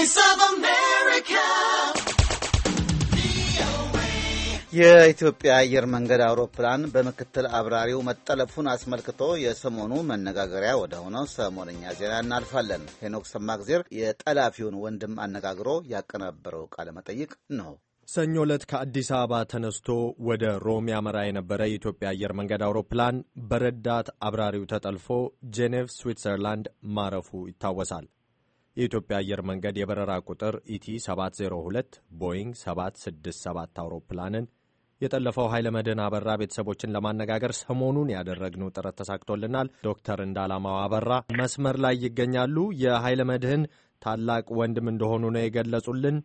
Voice of America. የኢትዮጵያ አየር መንገድ አውሮፕላን በምክትል አብራሪው መጠለፉን አስመልክቶ የሰሞኑ መነጋገሪያ ወደ ሆነው ሰሞነኛ ዜና እናልፋለን። ሄኖክ ሰማግዜር የጠላፊውን ወንድም አነጋግሮ ያቀነበረው ቃለ መጠይቅ ነው። ሰኞ ዕለት ከአዲስ አበባ ተነስቶ ወደ ሮም ያመራ የነበረ የኢትዮጵያ አየር መንገድ አውሮፕላን በረዳት አብራሪው ተጠልፎ ጄኔቭ ስዊትዘርላንድ ማረፉ ይታወሳል። የኢትዮጵያ አየር መንገድ የበረራ ቁጥር ኢቲ 702 ቦይንግ 767 አውሮፕላንን የጠለፈው ኃይለ መድህን አበራ ቤተሰቦችን ለማነጋገር ሰሞኑን ያደረግነው ጥረት ተሳክቶልናል። ዶክተር እንዳላማው አበራ መስመር ላይ ይገኛሉ። የኃይለ መድህን ታላቅ ወንድም እንደሆኑ ነው የገለጹልን።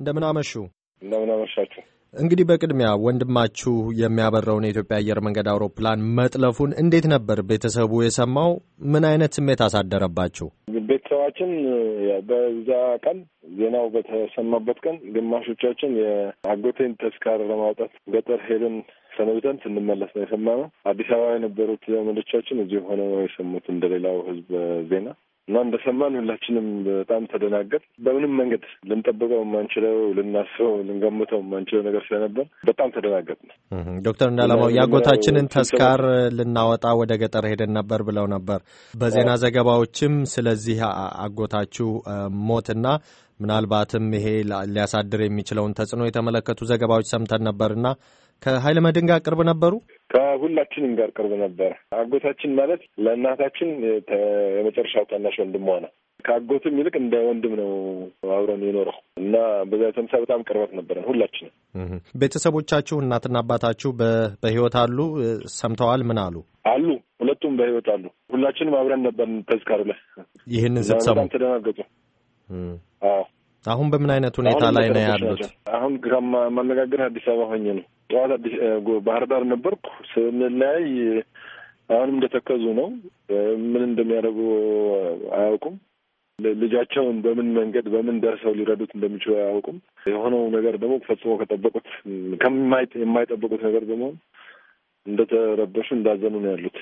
እንደምን አመሹ? እንደምን አመሻችሁ። እንግዲህ በቅድሚያ ወንድማችሁ የሚያበረውን የኢትዮጵያ አየር መንገድ አውሮፕላን መጥለፉን እንዴት ነበር ቤተሰቡ የሰማው? ምን አይነት ስሜት አሳደረባችሁ? ቤተሰባችን በዛ ቀን ዜናው በተሰማበት ቀን ግማሾቻችን የአጎቴን ተስካር ለማውጣት ገጠር ሄድን። ሰነብተን ስንመለስ ነው የሰማነው። አዲስ አበባ የነበሩት ዘመዶቻችን እዚህ ሆነው ነው የሰሙት እንደሌላው ሕዝብ ዜና እና እንደሰማን ሁላችንም በጣም ተደናገጥ። በምንም መንገድ ልንጠብቀው የማንችለው ልናስበው፣ ልንገምተው የማንችለው ነገር ስለነበር በጣም ተደናገጥ ነው። ዶክተር እንዳለማው የአጎታችንን ተስካር ልናወጣ ወደ ገጠር ሄደን ነበር ብለው ነበር። በዜና ዘገባዎችም ስለዚህ አጎታችሁ ሞትና ምናልባትም ይሄ ሊያሳድር የሚችለውን ተጽዕኖ የተመለከቱ ዘገባዎች ሰምተን ነበርና ከሀይለ መድን ጋር ቅርብ ነበሩ። ከሁላችንም ጋር ቅርብ ነበረ። አጎታችን ማለት ለእናታችን የመጨረሻው ታናሽ ወንድሟ ነው። ከአጎትም ይልቅ እንደ ወንድም ነው አብረን የኖረው እና በዛ የተነሳ በጣም ቅርበት ነበረን ሁላችንም። ቤተሰቦቻችሁ እናትና አባታችሁ በህይወት አሉ? ሰምተዋል? ምን አሉ? አሉ ሁለቱም በህይወት አሉ። ሁላችንም አብረን ነበርን። ተዝካሩ ላይ ይህንን ስትሰሙ ተደናገጡ። አዎ አሁን በምን አይነት ሁኔታ ላይ ነው ያሉት? አሁን ማነጋገር አዲስ አበባ ሆኜ ነው። ጠዋት ባህር ዳር ነበርኩ። ስንለያይ አሁንም እንደተከዙ ነው። ምን እንደሚያደርጉ አያውቁም። ልጃቸውን በምን መንገድ በምን ደርሰው ሊረዱት እንደሚችሉ አያውቁም። የሆነው ነገር ደግሞ ፈጽሞ ከጠበቁት የማይጠበቁት ነገር በመሆን እንደተረበሹ እንዳዘኑ ነው ያሉት።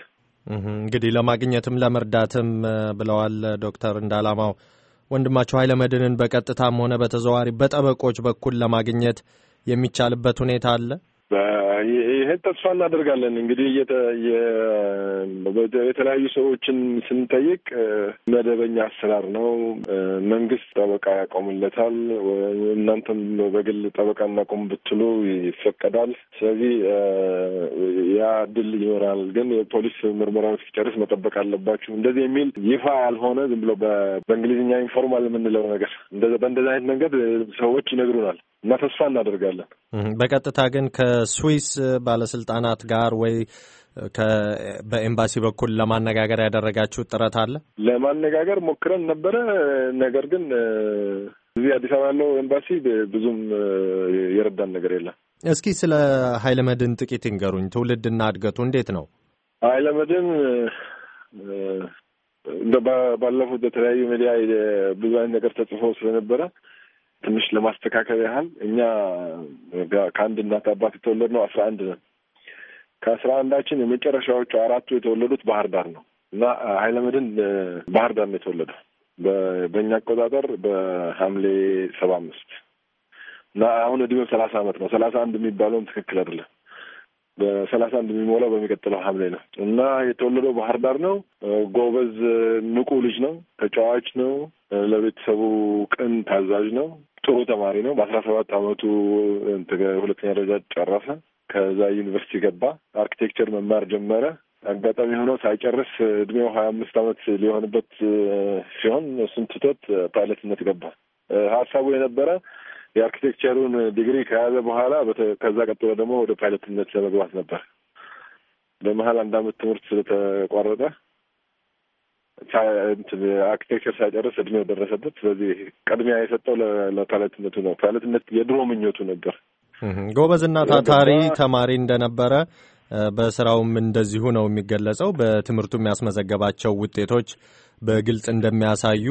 እንግዲህ ለማግኘትም ለመርዳትም ብለዋል ዶክተር እንዳላማው ወንድማቸው ኃይለ በቀጥታም ሆነ በተዘዋዋሪ በጠበቆች በኩል ለማግኘት የሚቻልበት ሁኔታ አለ። ይሄን ተስፋ እናደርጋለን። እንግዲህ የተለያዩ ሰዎችን ስንጠይቅ መደበኛ አሰራር ነው። መንግስት ጠበቃ ያቆምለታል፣ እናንተም በግል ጠበቃ እናቆም ብትሉ ይፈቀዳል። ስለዚህ ያ ድል ይኖራል። ግን የፖሊስ ምርመራውን ሲጨርስ መጠበቅ አለባችሁ እንደዚህ የሚል ይፋ ያልሆነ ዝም ብሎ በእንግሊዝኛ ኢንፎርማል የምንለው ነገር በእንደዚህ አይነት መንገድ ሰዎች ይነግሩናል እና ተስፋ እናደርጋለን። በቀጥታ ግን ከስዊስ ከመንግስት ባለስልጣናት ጋር ወይ በኤምባሲ በኩል ለማነጋገር ያደረጋችሁ ጥረት አለ? ለማነጋገር ሞክረን ነበረ። ነገር ግን እዚህ አዲስ አበባ ያለው ኤምባሲ ብዙም የረዳን ነገር የለም። እስኪ ስለ ኃይለ መድን ጥቂት ይንገሩኝ። ትውልድና እድገቱ እንዴት ነው? ኃይለ መድን ባለፉት በተለያዩ ሚዲያ ብዙ አይነት ነገር ተጽፎ ስለነበረ ትንሽ ለማስተካከል ያህል እኛ ከአንድ እናት አባት የተወለድነው አስራ አንድ ነን። ከአስራ አንዳችን የመጨረሻዎቹ አራቱ የተወለዱት ባህር ዳር ነው እና ኃይለመድን ባህር ዳር ነው የተወለደው በእኛ አቆጣጠር በሐምሌ ሰባ አምስት እና አሁን እድሜው ሰላሳ አመት ነው። ሰላሳ አንድ የሚባለውም ትክክል አይደለም። በሰላሳ አንድ የሚሞላው በሚቀጥለው ሐምሌ ነው እና የተወለደው ባህር ዳር ነው። ጎበዝ ንቁ ልጅ ነው። ተጫዋች ነው። ለቤተሰቡ ቅን ታዛዥ ነው። ጥሩ ተማሪ ነው። በአስራ ሰባት አመቱ ሁለተኛ ደረጃ ጨረሰ። ከዛ ዩኒቨርሲቲ ገባ። አርኪቴክቸር መማር ጀመረ። አጋጣሚ ሆኖ ሳይጨርስ እድሜው ሀያ አምስት አመት ሊሆንበት ሲሆን እሱን ትቶት ፓይለትነት ገባ። ሀሳቡ የነበረ የአርኪቴክቸሩን ዲግሪ ከያዘ በኋላ ከዛ ቀጥሎ ደግሞ ወደ ፓይለትነት ለመግባት ነበር። በመሀል አንድ አመት ትምህርት ስለተቋረጠ አርኪቴክቸር ሳይጨርስ እድሜው ደረሰበት። ስለዚህ ቅድሚያ የሰጠው ለፓይለትነቱ ነው። ፓይለትነት የድሮ ምኞቱ ነበር። ጎበዝና ታታሪ ተማሪ እንደነበረ በስራውም እንደዚሁ ነው የሚገለጸው። በትምህርቱ የሚያስመዘገባቸው ውጤቶች በግልጽ እንደሚያሳዩ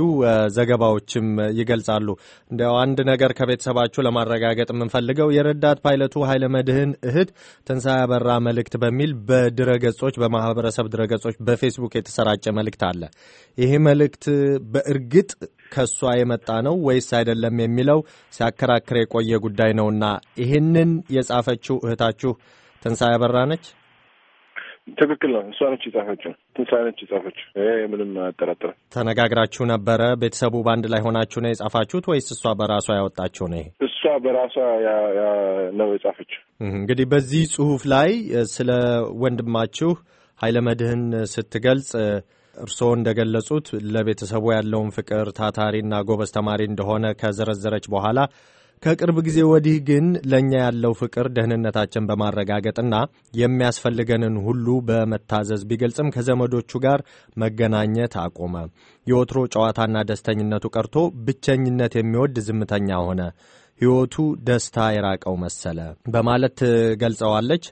ዘገባዎችም ይገልጻሉ። እንዲያው አንድ ነገር ከቤተሰባችሁ ለማረጋገጥ የምንፈልገው የረዳት ፓይለቱ ኃይለ መድህን እህት ትንሣኤ አበራ መልእክት በሚል በድረገጾች በማህበረሰብ ድረገጾች በፌስቡክ የተሰራጨ መልእክት አለ። ይሄ መልእክት በእርግጥ ከእሷ የመጣ ነው ወይስ አይደለም የሚለው ሲያከራክር የቆየ ጉዳይ ነውና ይህንን የጻፈችው እህታችሁ ትንሣኤ አበራ ነች? ትክክል ነው። እሷ ነች የጻፈችው፣ ትንሣኤ ነች የጻፈችው። ምንም አያጠራጥርም። ተነጋግራችሁ ነበረ? ቤተሰቡ በአንድ ላይ ሆናችሁ ነው የጻፋችሁት ወይስ እሷ በራሷ ያወጣችሁ ነው? እሷ በራሷ ነው የጻፈችው። እንግዲህ በዚህ ጽሁፍ ላይ ስለ ወንድማችሁ ኃይለ መድህን ስትገልጽ እርስዎ እንደገለጹት ለቤተሰቡ ያለውን ፍቅር ታታሪና ጎበዝ ተማሪ እንደሆነ ከዘረዘረች በኋላ ከቅርብ ጊዜ ወዲህ ግን ለእኛ ያለው ፍቅር ደህንነታችን በማረጋገጥና የሚያስፈልገንን ሁሉ በመታዘዝ ቢገልጽም ከዘመዶቹ ጋር መገናኘት አቆመ። የወትሮ ጨዋታና ደስተኝነቱ ቀርቶ ብቸኝነት የሚወድ ዝምተኛ ሆነ። ሕይወቱ ደስታ የራቀው መሰለ በማለት ገልጸዋለች።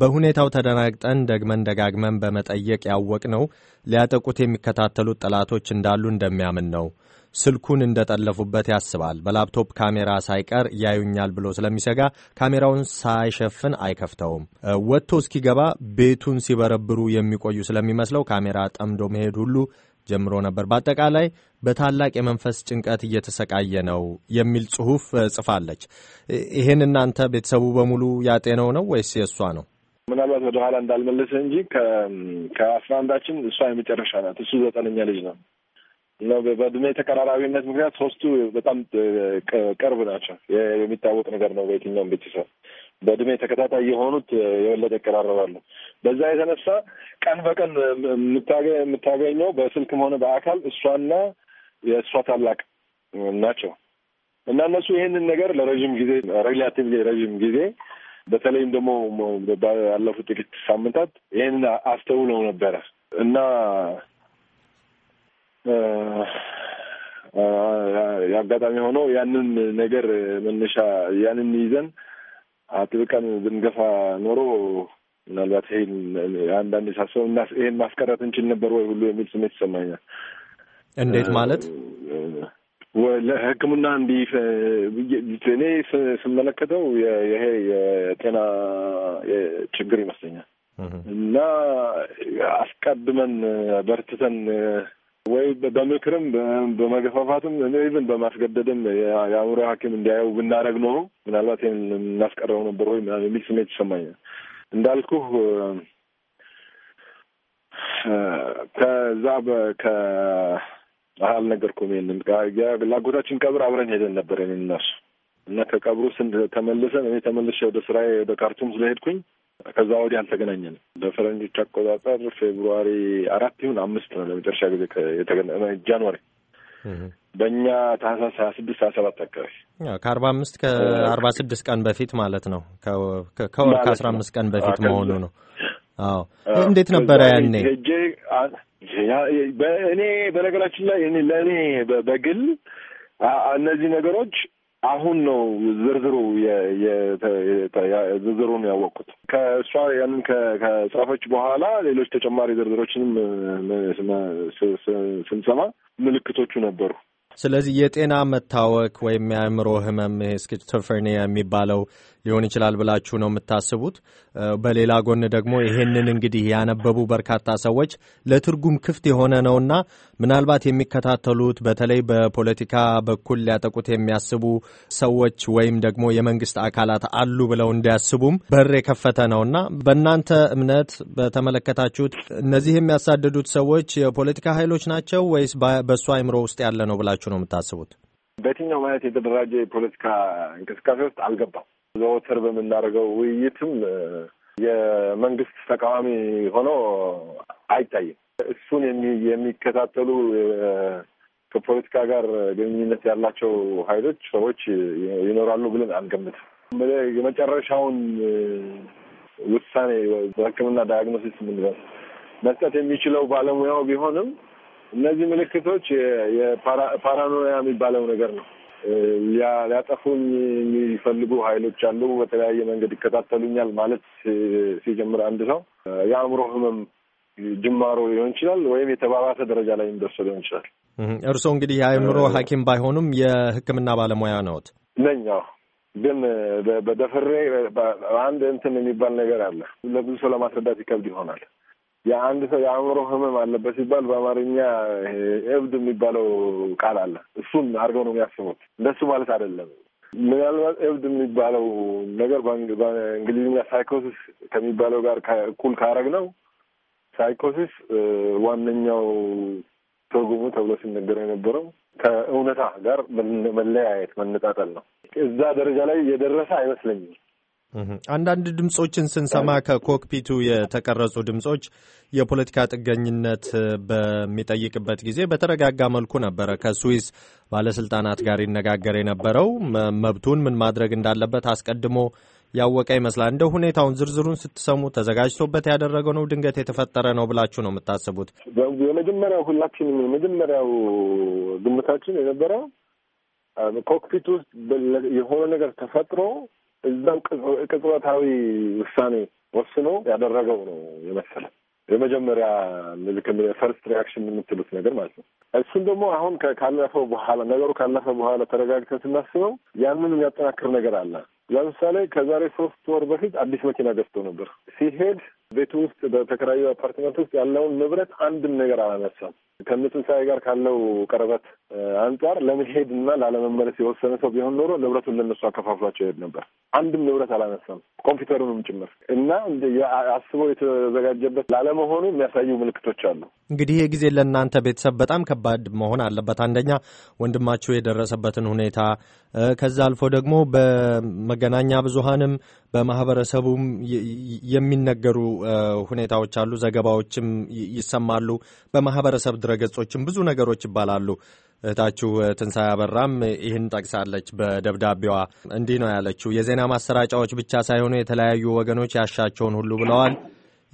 በሁኔታው ተደናግጠን ደግመን ደጋግመን በመጠየቅ ያወቅ ነው ሊያጠቁት የሚከታተሉት ጠላቶች እንዳሉ እንደሚያምን ነው። ስልኩን እንደጠለፉበት ያስባል። በላፕቶፕ ካሜራ ሳይቀር ያዩኛል ብሎ ስለሚሰጋ ካሜራውን ሳይሸፍን አይከፍተውም። ወጥቶ እስኪገባ ቤቱን ሲበረብሩ የሚቆዩ ስለሚመስለው ካሜራ ጠምዶ መሄድ ሁሉ ጀምሮ ነበር። በአጠቃላይ በታላቅ የመንፈስ ጭንቀት እየተሰቃየ ነው የሚል ጽሑፍ ጽፋለች። ይህን እናንተ ቤተሰቡ በሙሉ ያጤነው ነው ወይስ የእሷ ነው? ምናልባት ወደኋላ እንዳልመለሰ እንጂ ከአስራ አንዳችን እሷ የመጨረሻ ናት። እሱ ዘጠነኛ ልጅ ነው። ነው። በእድሜ ተቀራራቢነት ምክንያት ሶስቱ በጣም ቅርብ ናቸው። የሚታወቅ ነገር ነው። በየትኛውም ቤተሰብ በእድሜ ተከታታይ የሆኑት የበለጠ ይቀራረባሉ። በዛ የተነሳ ቀን በቀን የምታገኘው በስልክም ሆነ በአካል እሷና የእሷ ታላቅ ናቸው እና እነሱ ይህንን ነገር ለረዥም ጊዜ ሬላቲቭሊ ረዥም ጊዜ በተለይም ደግሞ ባለፉት ጥቂት ሳምንታት ይህንን አስተውለው ነበረ እና አጋጣሚ ሆኖ ያንን ነገር መነሻ ያንን ይዘን አጥብቀን ብንገፋ ኖሮ ምናልባት ይሄን አንዳንድ ሳስበው ይሄን ማስቀረት እንችል ነበር ወይ ሁሉ የሚል ስሜት ይሰማኛል። እንዴት ማለት ለሕክምና እንዲህ እኔ ስመለከተው ይሄ የጤና ችግር ይመስለኛል እና አስቀድመን በርትተን ወይ በምክርም በመገፋፋትም ኢቨን በማስገደድም የአእምሮ ሐኪም እንዲያየው ብናደረግ ኖሮ ምናልባት ይህን እናስቀረው ነበር ወይ የሚል ስሜት ይሰማኛል። እንዳልኩህ ከዛ ከአህል አልነገርኩም። ይህንን ላጎታችን ቀብር አብረን ሄደን ነበር እኔ እና እሱ እና ከቀብሩ ስንት ተመልሰን እኔ ተመልሼ ወደ ስራዬ ወደ ካርቱም ስለሄድኩኝ ከዛ ወዲህ አልተገናኘን። በፈረንጆች አቆጣጠር ፌብሩዋሪ አራት ይሁን አምስት ነው ለመጨረሻ ጊዜ ጃንዋሪ በእኛ ታህሳስ ሀያ ስድስት ሀያ ሰባት አካባቢ ከአርባ አምስት ከአርባ ስድስት ቀን በፊት ማለት ነው። ከወር ከአስራ አምስት ቀን በፊት መሆኑ ነው። አዎ እንዴት ነበረ ያኔ ሄጄ እኔ በነገራችን ላይ ለእኔ በግል እነዚህ ነገሮች አሁን ነው ዝርዝሩ ዝርዝሩን ያወቅኩት። ከእሷ ያንን ከጻፈች በኋላ ሌሎች ተጨማሪ ዝርዝሮችንም ስንሰማ ምልክቶቹ ነበሩ። ስለዚህ የጤና መታወክ ወይም የአእምሮ ህመም ስኪዞፍሬኒያ የሚባለው ሊሆን ይችላል ብላችሁ ነው የምታስቡት። በሌላ ጎን ደግሞ ይሄንን እንግዲህ ያነበቡ በርካታ ሰዎች ለትርጉም ክፍት የሆነ ነውና ምናልባት የሚከታተሉት በተለይ በፖለቲካ በኩል ሊያጠቁት የሚያስቡ ሰዎች ወይም ደግሞ የመንግስት አካላት አሉ ብለው እንዲያስቡም በር የከፈተ ነውና በእናንተ እምነት በተመለከታችሁት እነዚህ የሚያሳድዱት ሰዎች የፖለቲካ ኃይሎች ናቸው ወይስ በእሱ አእምሮ ውስጥ ያለ ነው ብላችሁ ብላችሁ ነው የምታስቡት? በየትኛው ማለት የተደራጀ የፖለቲካ እንቅስቃሴ ውስጥ አልገባም። ዘወትር በምናደርገው ውይይትም የመንግስት ተቃዋሚ ሆኖ አይታይም። እሱን የሚከታተሉ ከፖለቲካ ጋር ግንኙነት ያላቸው ኃይሎች ሰዎች ይኖራሉ ብለን አንገምትም። የመጨረሻውን ውሳኔ በሕክምና ዳያግኖሲስ ምንድን መስጠት የሚችለው ባለሙያው ቢሆንም እነዚህ ምልክቶች የፓራኖያ የሚባለው ነገር ነው። ሊያጠፉኝ የሚፈልጉ ኃይሎች አሉ፣ በተለያየ መንገድ ይከታተሉኛል ማለት ሲጀምር አንድ ሰው የአእምሮ ህመም ጅማሮ ሊሆን ይችላል፣ ወይም የተባባሰ ደረጃ ላይ የሚደርስ ሊሆን ይችላል። እርስዎ እንግዲህ የአእምሮ ሐኪም ባይሆኑም የህክምና ባለሙያ ነዎት። ነኝ። ግን በደፍሬ አንድ እንትን የሚባል ነገር አለ። ለብዙ ሰው ለማስረዳት ይከብድ ይሆናል። የአንድ ሰው የአእምሮ ህመም አለበት ሲባል በአማርኛ እብድ የሚባለው ቃል አለ። እሱን አድርገው ነው የሚያስቡት። እንደሱ ማለት አይደለም። ምናልባት እብድ የሚባለው ነገር በእንግሊዝኛ ሳይኮሲስ ከሚባለው ጋር እኩል ካረግ ነው ሳይኮሲስ ዋነኛው ትርጉሙ ተብሎ ሲነገር የነበረው ከእውነታ ጋር መለያየት መነጣጠል ነው። እዛ ደረጃ ላይ የደረሰ አይመስለኝም። አንዳንድ ድምፆችን ስንሰማ ከኮክፒቱ የተቀረጹ ድምፆች የፖለቲካ ጥገኝነት በሚጠይቅበት ጊዜ በተረጋጋ መልኩ ነበረ ከስዊስ ባለስልጣናት ጋር ይነጋገር የነበረው። መብቱን ምን ማድረግ እንዳለበት አስቀድሞ ያወቀ ይመስላል። እንደ ሁኔታውን ዝርዝሩን ስትሰሙ ተዘጋጅቶበት ያደረገው ነው ድንገት የተፈጠረ ነው ብላችሁ ነው የምታስቡት? የመጀመሪያው ሁላችንም የመጀመሪያው ግምታችን የነበረው ኮክፒት ውስጥ የሆነ ነገር ተፈጥሮ እዛው ቅጽበታዊ ውሳኔ ወስኖ ያደረገው ነው የመሰለ የመጀመሪያ እንደዚህ ፈርስት ሪያክሽን የምትሉት ነገር ማለት ነው። እሱን ደግሞ አሁን ካለፈው በኋላ ነገሩ ካለፈ በኋላ ተረጋግተን ስናስበው ያንን የሚያጠናክር ነገር አለ። ለምሳሌ ከዛሬ ሶስት ወር በፊት አዲስ መኪና ገዝቶ ነበር። ሲሄድ ቤቱ ውስጥ በተከራዩ አፓርትመንት ውስጥ ያለውን ንብረት አንድም ነገር አላነሳም። ከምትንሳኤ ጋር ካለው ቅርበት አንጻር ለመሄድ እና ላለመመለስ የወሰነ ሰው ቢሆን ኖሮ ንብረቱን ለነሱ አከፋፍሏቸው ይሄድ ነበር። አንድም ንብረት አላነሳም፣ ኮምፒውተሩንም ጭምር እና አስቦ የተዘጋጀበት ላለመሆኑ የሚያሳዩ ምልክቶች አሉ። እንግዲህ ይህ ጊዜ ለእናንተ ቤተሰብ በጣም ከባድ መሆን አለበት። አንደኛ ወንድማችሁ የደረሰበትን ሁኔታ ከዛ አልፎ ደግሞ በመገናኛ ብዙሃንም በማህበረሰቡም የሚነገሩ ሁኔታዎች አሉ፣ ዘገባዎችም ይሰማሉ። በማህበረሰብ ድረገጾችም ብዙ ነገሮች ይባላሉ። እህታችሁ ትንሣኤ አበራም ይህን ጠቅሳለች። በደብዳቤዋ እንዲህ ነው ያለችው። የዜና ማሰራጫዎች ብቻ ሳይሆኑ የተለያዩ ወገኖች ያሻቸውን ሁሉ ብለዋል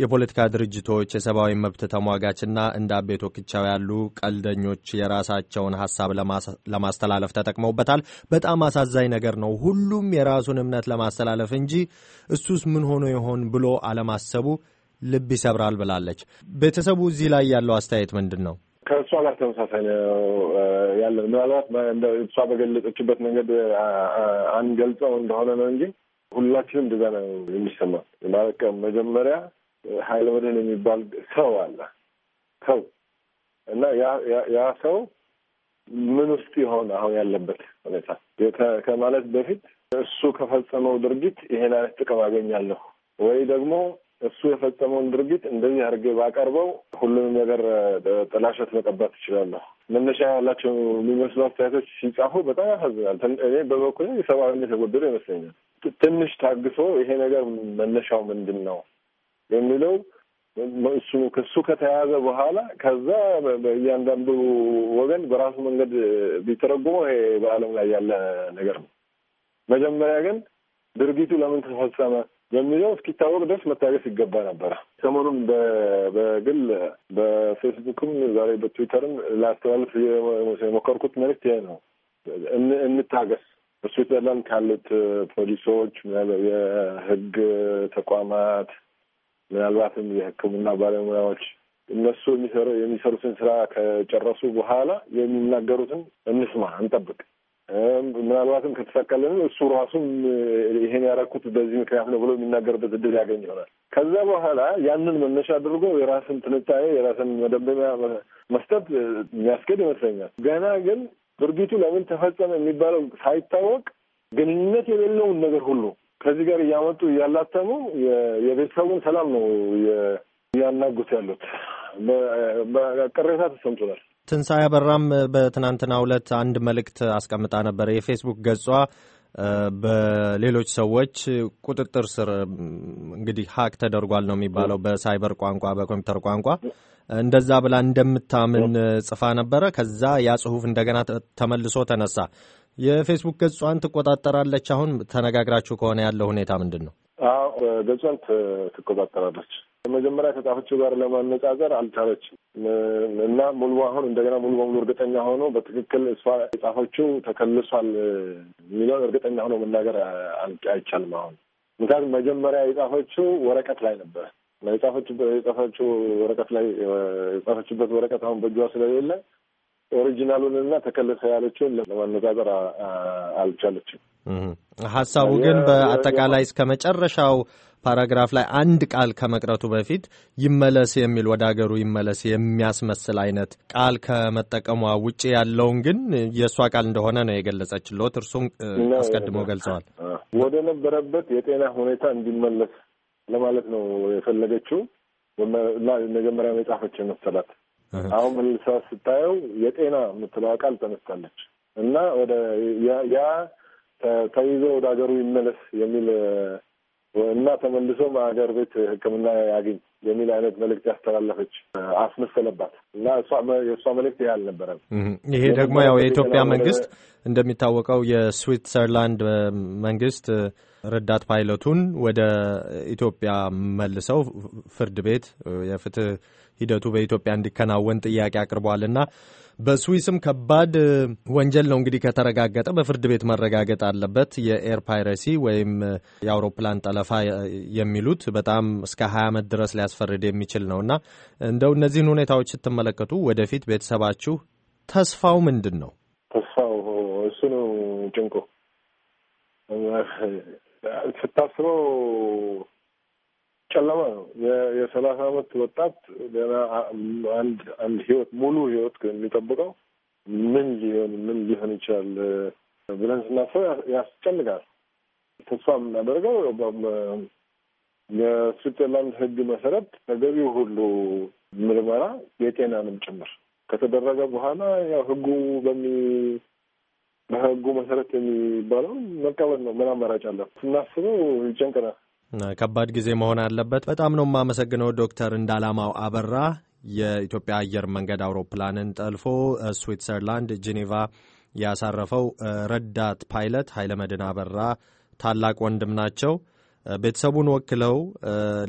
የፖለቲካ ድርጅቶች፣ የሰብአዊ መብት ተሟጋችና እንደ አቤቶ ኪቻው ያሉ ቀልደኞች የራሳቸውን ሀሳብ ለማስተላለፍ ተጠቅመውበታል። በጣም አሳዛኝ ነገር ነው። ሁሉም የራሱን እምነት ለማስተላለፍ እንጂ እሱስ ምን ሆኖ ይሆን ብሎ አለማሰቡ ልብ ይሰብራል ብላለች። ቤተሰቡ እዚህ ላይ ያለው አስተያየት ምንድን ነው? ከእሷ ጋር ተመሳሳይ ነው ያለን። ምናልባት እሷ በገለጸችበት መንገድ አንገልጸው እንደሆነ ነው እንጂ ሁላችንም እንደዛ ነው የሚሰማ ማለት መጀመሪያ ሀይለ ወደን የሚባል ሰው አለ ሰው እና ያ ሰው ምን ውስጥ የሆነ አሁን ያለበት ሁኔታ ከማለት በፊት እሱ ከፈጸመው ድርጊት ይሄን አይነት ጥቅም አገኛለሁ ወይ ደግሞ እሱ የፈጸመውን ድርጊት እንደዚህ አድርጌ ባቀርበው ሁሉንም ነገር ጥላሸት መቀባት ትችላለሁ። መነሻ ያላቸው የሚመስሉ አስተያየቶች ሲጻፉ በጣም ያሳዝናል። እኔ በበኩሌ የሰብአዊነት የጎደለው ይመስለኛል። ትንሽ ታግሶ ይሄ ነገር መነሻው ምንድን ነው የሚለው እሱ ክሱ ከተያያዘ በኋላ ከዛ በእያንዳንዱ ወገን በራሱ መንገድ ቢተረጉመው ይሄ በዓለም ላይ ያለ ነገር ነው። መጀመሪያ ግን ድርጊቱ ለምን ተፈጸመ የሚለው እስኪታወቅ ድረስ መታገስ ይገባ ነበረ። ሰሞኑን በግል በፌስቡክም ዛሬ በትዊተርም ላስተላልፍ የሞከርኩት መልዕክት ይሄ ነው። እንታገስ። በስዊዘርላንድ ካሉት ፖሊሶች፣ የህግ ተቋማት ምናልባትም የሕክምና ባለሙያዎች እነሱ የሚሰሩትን ስራ ከጨረሱ በኋላ የሚናገሩትን እንስማ፣ እንጠብቅ። ምናልባትም ከተሳካልን እሱ ራሱም ይሄን ያደረኩት በዚህ ምክንያት ነው ብሎ የሚናገርበት እድል ያገኝ ይሆናል። ከዛ በኋላ ያንን መነሻ አድርጎ የራስን ትንታኔ የራስን መደምደሚያ መስጠት የሚያስገድ ይመስለኛል። ገና ግን ድርጊቱ ለምን ተፈጸመ የሚባለው ሳይታወቅ ግንኙነት የሌለውን ነገር ሁሉ ከዚህ ጋር እያመጡ እያላተሙ የቤተሰቡን ሰላም ነው እያናጉት ያሉት። ቅሬታ ተሰምቶናል። ትንሣኤ አበራም በትናንትናው ዕለት አንድ መልእክት አስቀምጣ ነበረ የፌስቡክ ገጿ በሌሎች ሰዎች ቁጥጥር ስር እንግዲህ ሀክ ተደርጓል ነው የሚባለው በሳይበር ቋንቋ፣ በኮምፒውተር ቋንቋ እንደዛ ብላ እንደምታምን ጽፋ ነበረ። ከዛ ያ ጽሁፍ እንደገና ተመልሶ ተነሳ። የፌስቡክ ገጿን ትቆጣጠራለች። አሁን ተነጋግራችሁ ከሆነ ያለው ሁኔታ ምንድን ነው? አዎ ገጿን ትቆጣጠራለች። መጀመሪያ ከጻፈችው ጋር ለማነጻጸር አልቻለችም እና ሙሉ አሁን እንደገና ሙሉ በሙሉ እርግጠኛ ሆኖ በትክክል እሷ የጻፈችው ተከልሷል የሚለውን እርግጠኛ ሆኖ መናገር አይቻልም አሁን ምክንያቱም መጀመሪያ የጻፈችው ወረቀት ላይ ነበር የጻፈችው ወረቀት ላይ የጻፈችበት ወረቀት አሁን በእጇ ስለሌለ ኦሪጂናሉን እና ተከለሰ ያለችውን ለማነጻጸር አልቻለችም። ሀሳቡ ግን በአጠቃላይ እስከ መጨረሻው ፓራግራፍ ላይ አንድ ቃል ከመቅረቱ በፊት ይመለስ የሚል ወደ ሀገሩ ይመለስ የሚያስመስል አይነት ቃል ከመጠቀሟ ውጭ ያለውን ግን የእሷ ቃል እንደሆነ ነው የገለጸችልዎት። እርሱም አስቀድሞ ገልጸዋል። ወደ ነበረበት የጤና ሁኔታ እንዲመለስ ለማለት ነው የፈለገችው። መጀመሪያ የጻፈች መሰላት አሁን መልሳ ስታየው የጤና የምትለው ቃል ተነስታለች እና ወደ ያ ተይዞ ወደ ሀገሩ ይመለስ የሚል እና ተመልሶም ሀገር ቤት ሕክምና ያግኝ የሚል አይነት መልእክት ያስተላለፈች አስመሰለባት እና የእሷ መልእክት ያህል ነበረ። ይሄ ደግሞ ያው የኢትዮጵያ መንግስት እንደሚታወቀው የስዊትዘርላንድ መንግስት ረዳት ፓይለቱን ወደ ኢትዮጵያ መልሰው ፍርድ ቤት የፍትህ ሂደቱ በኢትዮጵያ እንዲከናወን ጥያቄ አቅርበዋልና በስዊስም ከባድ ወንጀል ነው እንግዲህ ከተረጋገጠ በፍርድ ቤት መረጋገጥ አለበት። የኤር ፓይረሲ ወይም የአውሮፕላን ጠለፋ የሚሉት በጣም እስከ ሀያ ዓመት ድረስ ሊያስፈርድ የሚችል ነው እና እንደው እነዚህን ሁኔታዎች ስትመለከቱ ወደፊት ቤተሰባችሁ ተስፋው ምንድን ነው? ተስፋው እሱ ነው ጭንቁ ስታስበው ጨለማ ነው። የሰላሳ አመት ወጣት ገና አንድ አንድ ህይወት ሙሉ ህይወት የሚጠብቀው ምን ሊሆን ምን ሊሆን ይችላል ብለን ስናስበው ያስጨንቃል። ተስፋ የምናደርገው የስዊትዘርላንድ ህግ መሰረት ተገቢው ሁሉ ምርመራ የጤናንም ጭምር ከተደረገ በኋላ ያው ህጉ በሚ በህጉ መሰረት የሚባለው መቀበል ነው። ምን አማራጭ አለ ስናስበው ይጨንቅናል። ከባድ ጊዜ መሆን አለበት። በጣም ነው የማመሰግነው ዶክተር እንዳላማው አበራ የኢትዮጵያ አየር መንገድ አውሮፕላንን ጠልፎ ስዊትዘርላንድ ጂኔቫ ያሳረፈው ረዳት ፓይለት ኃይለ መድን አበራ ታላቅ ወንድም ናቸው። ቤተሰቡን ወክለው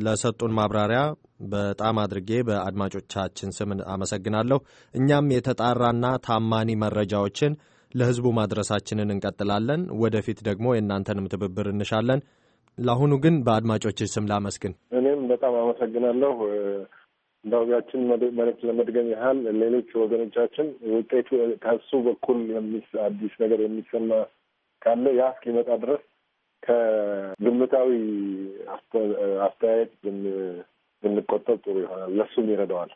ለሰጡን ማብራሪያ በጣም አድርጌ በአድማጮቻችን ስም አመሰግናለሁ። እኛም የተጣራና ታማኒ መረጃዎችን ለሕዝቡ ማድረሳችንን እንቀጥላለን። ወደፊት ደግሞ የእናንተንም ትብብር እንሻለን። ለአሁኑ ግን በአድማጮች ስም ላመስግን። እኔም በጣም አመሰግናለሁ። እንዳውቢያችን መልዕክት ለመድገም ያህል ሌሎች ወገኖቻችን ውጤቱ ከሱ በኩል አዲስ ነገር የሚሰማ ካለ ያ እስኪመጣ ድረስ ከግምታዊ አስተያየት ብንቆጠብ ጥሩ ይሆናል። ለሱም ይረዳዋል።